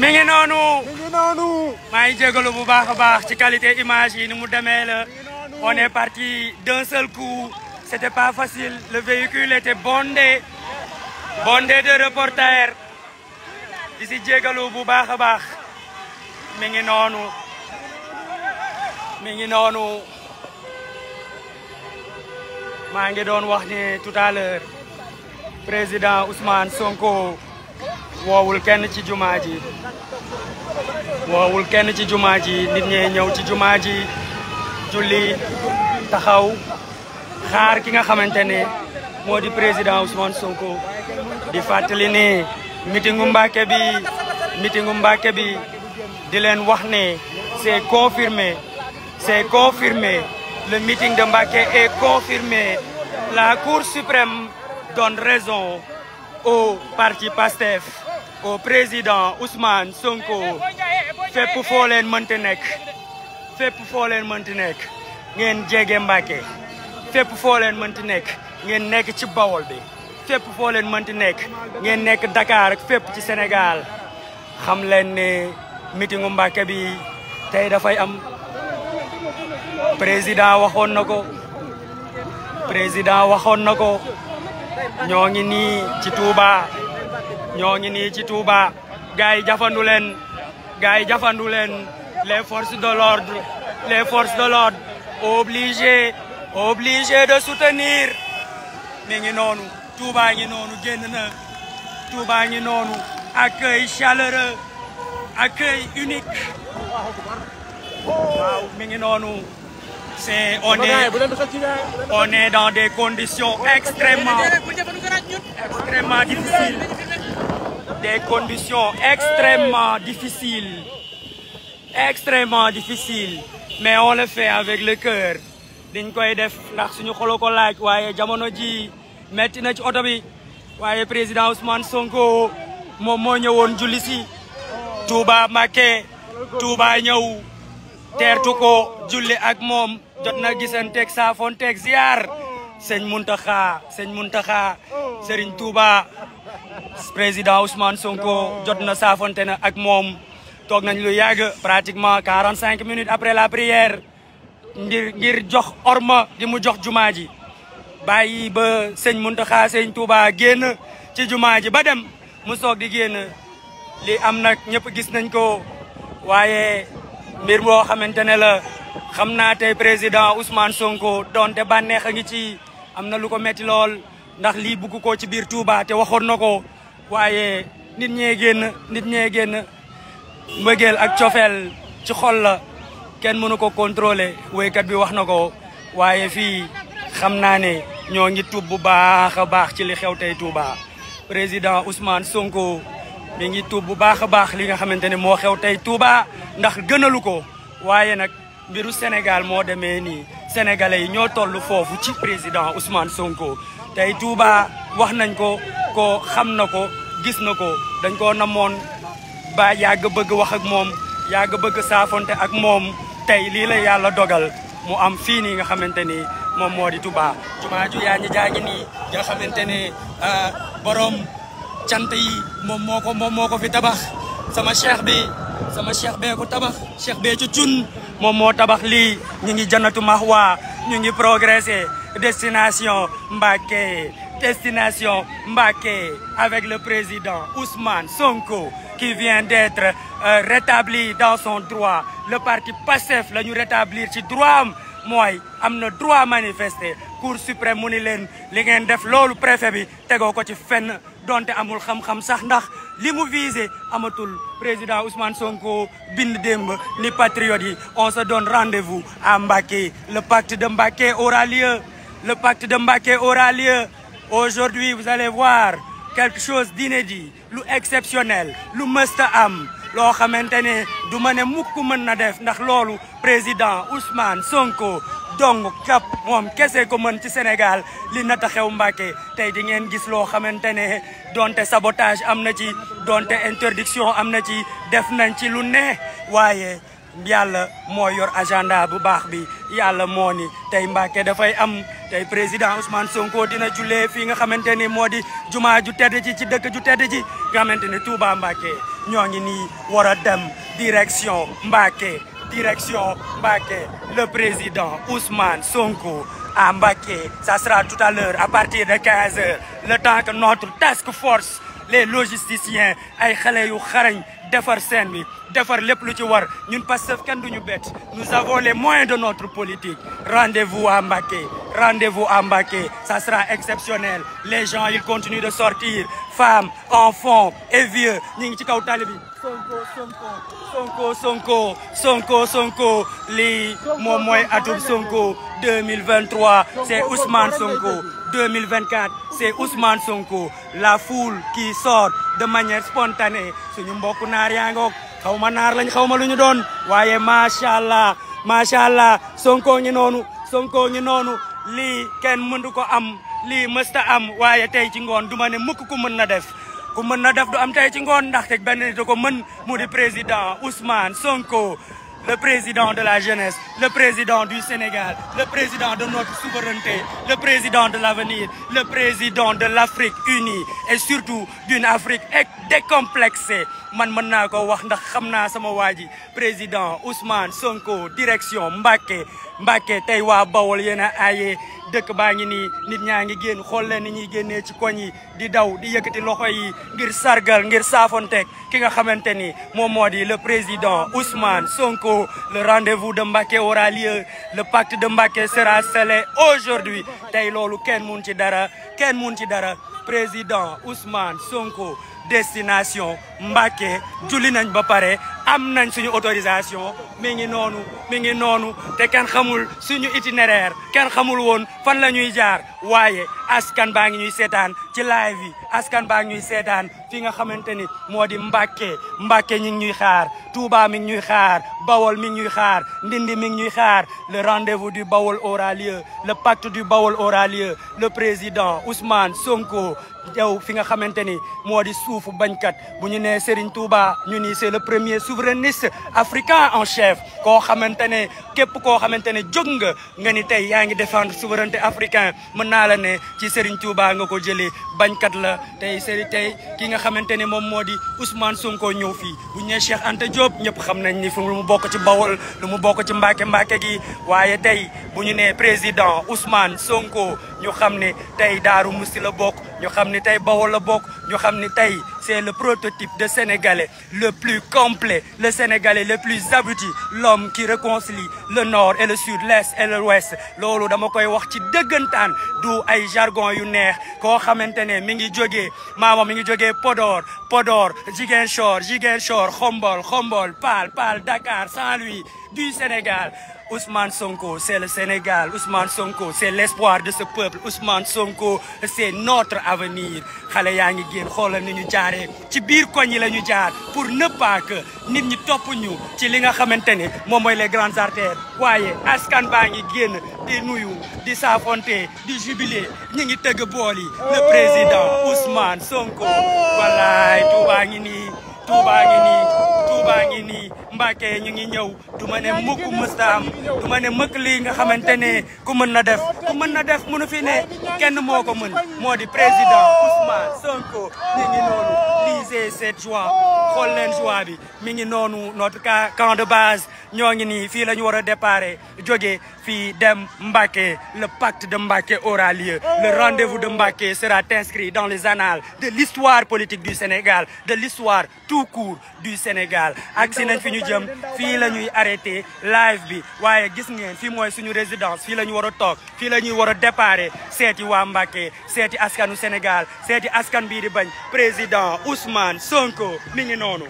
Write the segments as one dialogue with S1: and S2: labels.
S1: mi ngi noonu. maa ngi jégalu bu baax a baax ci qualité image yi ni mu demee la. on est parti d'un seul coup. c'était pas facile le véhicule était bondé. bondé de reporters. di si jégalu bu baax a baax. mi ngi noonu. mi ngi noonu. maa ngi doon wax ni tout à président Ousmane Sonko. woowul kenn ci jumaa ji woowul kenn ci jumaa ji nit ñee ñëw ci jumaa ji julli taxaw xaar ki nga xamante ne moo di président Ousmane Sonko di fàttali ne mitingu Mbàkke bi mitingu Mbàkke bi di leen wax ne c'est confirmé c'est confirmé le meeting de Mbàkke est confirmé la Cour suprême donne raison au parti PASTEF au président Ousmane Sonko fépp foo leen mënti nekk fépp foo leen mënti nekk ngeen jege Mbàkke fépp foo leen mënti nekk ngeen nekk ci Bawol bi fépp foo leen mënti nekk ngeen nekk dakaar ak fépp ci Sénégal xam leen ne mitingu Mbàkke bi tey dafay am président waxoon na ko président waxoon na ko ñoo ngi nii ci Touba. ñoo ngi nii ci Touba gars yi jafandu leen gars yi jafandu leen les forces de l'ordre les forces de l'ordre obligées obligées de soutenir mi ngi noonu Touba ngi noonu génn na Touba ngi noonu accueil chaleureux accueil unique waaw ngi noonu c'est on est on est dans des conditions extrêmement extrêmement difficiles des conditions extrêmement difficiles, extrêmement difficiles, mais on le fait avec le cœur. dañ koy def ndax suñu xolo ko laaj waaye jamono ji metti na ci oto bi waaye président Ousmane Sonko moom moo ñëwoon julli si Touba Mbacké Touba ñëw teertu ko julli ak moom jot na gisanteeg saafonteeg ziar sëñ Muntaxa sëñ Muntaxa Sëriñ Touba président Ousmane Sonko jot na saafonte na ak moom toog nañ lu yàgg pratiquement quarante cinq minutes après la prière ngir ngir jox orma di mu jox jumaa ji bàyyi ba sëñ Muntaxa sëñ Touba génn ci jumaa ji ba dem mu soog di génn li am na ñëpp gis nañ ko waaye mbir boo xamante ne la xam naa tey président Ousmane Sonko donte bànneex a ngi ci am na lu ko metti ndax lii bugg ko ci biir Touba te waxoon na ko waaye nit ñee génn nit ñee génn mbëggeel ak cofeel ci xol la kenn mënu ko contrôler woykat bi wax na ko waaye fii xam naa ne ñoo ngi tub bu baax a baax ci li xew tey Touba président Ousmane Sonko mi ngi tub bu baax a baax li nga xamante ne moo xew tey Touba ndax gënalu ko waaye nag mbiru Sénégal moo demee nii sénégalais yi ñoo toll foofu ci président Ousmane Sonko tey Touba wax nañ ko ko xam na ko gis na ko dañ koo namoon ba yàgg bëgg wax ak moom yàgg bëgg saafonte ak moom tey lii la yàlla dogal mu am fii nii nga xamante ni moom moo di Touba. jumaa ju yaa ñi jaagi nii nga xamante ne ah, borom cant yi moom moo ko moom moo ko fi tabax sama cheikh bi sama cheikh bee ko tabax cheikh bee ci moom moo tabax lii ñu ngi jannatu maxwa ñu ngi progressé destination Mbacké destination Mbacké avec le président Ousmane Sonko qui vient d'être euh, rétabli dans son droit le parti Pastef la ñu rétablir ci droit am mooy am na droit manifester cour suprême mu ni leen li ngeen def loolu préfet bi tegoo ko ci fenn donte amul xam-xam sax ndax li mu visé amatul président Ousmane Sonko bind démb ni patriotes yi on se donne rendez-vous à Mbacké le pacte de Mbacké aura lieu le pacte de Mbacké aura lieu aujourd'hui vous allez voir quelque chose d'inédit lu exceptionnel lu mësta am loo xamante ne du ma ne mukk mën na def ndax loolu président Ousmane Sonko dong kap moom kese ko mën ci Sénégal li nata xew Mbàkke tey di ngeen gis loo xamante ne donte sabotage am na ci donte interdiction am na ci def nañ ci lu ne waaye yàlla moo yor agenda bu baax bi yàlla moo ni tey Mbàkke dafay am tey président Ousmane Sonko dina jullee fii nga xamante ni moo di jumaa ju tedd ji ci dëkk ju tedd ji nga xamante ni Touba Mbàkke ñoo ngi nii war a dem direction Mbàkke direction Mbacké le président Ousmane Sonko à Mbacké ça sera tout à l'heure à partir de 15 heures le temps que notre task force les logisticiens ay xale yu xarañ defar scène bi defar lépp lu ci war ñun Pastef kenn duñu bett nous avons les moyens de notre politique rendez-vous à Mbacké rendez-vous à sera exceptionnel les gens ils continue de sortir femmes enfants et vieux ñi ngi ci kaw tali bi Sonko Sonko Sonko Sonko Sonko Sonko moom mooy atum Sonko 2023 c'est Ousmane Sonko 2024 c'est Ousmane Sonko la foule qui sort de manière spontanée suñu mbokk naar yaa ngoog xaw ma naar lañ xaw ma lu ñu doon waaye macha allah Sonko ngi noonu Sonko ngi noonu lii kenn mëndu ko am lii mësta am waaye tey ci ngoon du ma ne mukk ku mën na def ku mën na def du am tey ci ngoon ndaxte benn nit ko mën mu di président Ousmane Sonko le président de la jeunesse le président du Sénégal le président de notre souveraineté le président de l'avenir le président de l'Afrique unie et surtout d'une Afrique décomplexée man mën naa ko wax ndax xam naa sama waa ji président Ousmane Sonko direction Mbacké Mbacké tey waa Bawol yéen a aaye dëkk baa ngi nii nit ñaa ngi génn xool leen ni ñuy génnee ci koñ yi di daw di yëkkati loxo yi ngir sargal ngir saafonteeg ki nga xamante ni moom moo di le président Ousmane Sonko le rendez de Mbacké aura lieu le pacte de Mbacké sera scellé aujourd'hui tey loolu kenn mun ci dara kenn mun ci dara président Ousmane Sonko destination Mbacké julli nañ ba pare am nañ suñu autorisation mi ngi noonu mi ngi noonu te kenn xamul suñu itinéraire kenn xamul woon fan la ñuy jaar waaye askan baa ngi ñuy seetaan ci live yi askan baa ngi ñuy seetaan fi nga xamante ni moo di Mbacké mbake ñi ngi ñuy xaar Touba mi ngi ñuy xaar Bawol mi ngi ñuy xaar Ndindi mi ngi ñuy xaar le rendez-vous du Bawol aura lieu le pacte du Bawol aura lieu le président Ousmane Sonko yow fi nga xamante ni moo di suufu bañkat bu ñu nee Serigne Touba ñu ni c'est le premier souverainiste africain en chef koo xamante ne képp koo xamante ne jóg nga nga ni tey yaa ngi défendre souveraineté africain mën naa la ne ci Serigne Touba nga ko jëlee bañkat la tey Serigne tey ki nga xamante ne moom moo di Ousmane Sonko ñëw fii bu ñu nee Cheikh Anta Diop ñëpp xam nañ ni fu lu mu bokk ci Bawol lu mu bokk ci Mbàkke Mbàkke gi waaye tey bu ñu nee président Ousmane Sonko ñu xam ne tey Daaru Musti la bokk ñu xam ni tey Bawol la bokk ñu xam ni tey c'est le prototype de Sénégalais le plus complet le Sénégalais le plus abouti l'homme qui réconcilie le nord et le sud l'est et l'ouest loolu dama koy wax ci dëggantaan du ay jargon yu neex koo xamante ne mi ngi jógee maama mi ngi jógee Podor Podor Ziguinchor Ziguinchor Xombol Xombol Paal pal Dakar Saint-Louis du Sénégal Ousmane Sonko, c'est le Sénégal. Ousmane Sonko, c'est l'espoir de ce peuple. Ousmane Sonko, c'est notre avenir. xale yaa ngi génn xoolal ni ñu jaaree ci biir koñ yi la ñu jaar pour ne pas nit ñi topp ñu ci li nga xamante ne moom mooy les grandes waaye askan baa ngi génn di nuyu di saafonte di jubilé ñi ngi tëgg bool yi le président Sonko wallaay Touba ngi nii Touba ngi nii Touba ngi nii Mbacke ñu ngi ñëw du ma ne mukk mësta am ma ne mëkk lii nga xamante ne ku mën na def ku mën na def mënu fi ne kenn moo ko mën moo di président Ousmane Sonko ñu ngi noonu lisez cette joie xool leen joie bi mi ngi noonu notre camp de base ñoo ngi nii fii la ñu war a déparé jóge fii dem Mbacke le pacte de Mbacke aura lieu le rendez-vous de Mbacke sera inscrit dans les annales de l'histoire politique du Sénégal de l'histoire tout court du Sénégal Sénégal agsi nañ fi ñu jëm fii lañuy ñuy arrêté live bi waaye gis ngeen fii mooy suñu résidence fii la ñu war a toog fii lañuy ñuy war a déparé seeti waa Mbacké seeti askanu Sénégal seeti askan bii di bañ président Ousmane Sonko mi noonu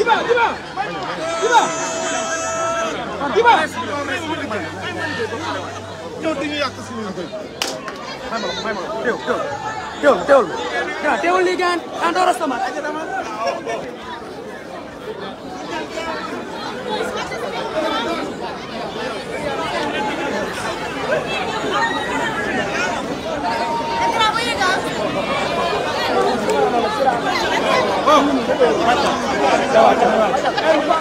S1: Diba, diba. Diba. may ma la may ma la teewul teewul teewul teewul lii gaan andoor sama Oh,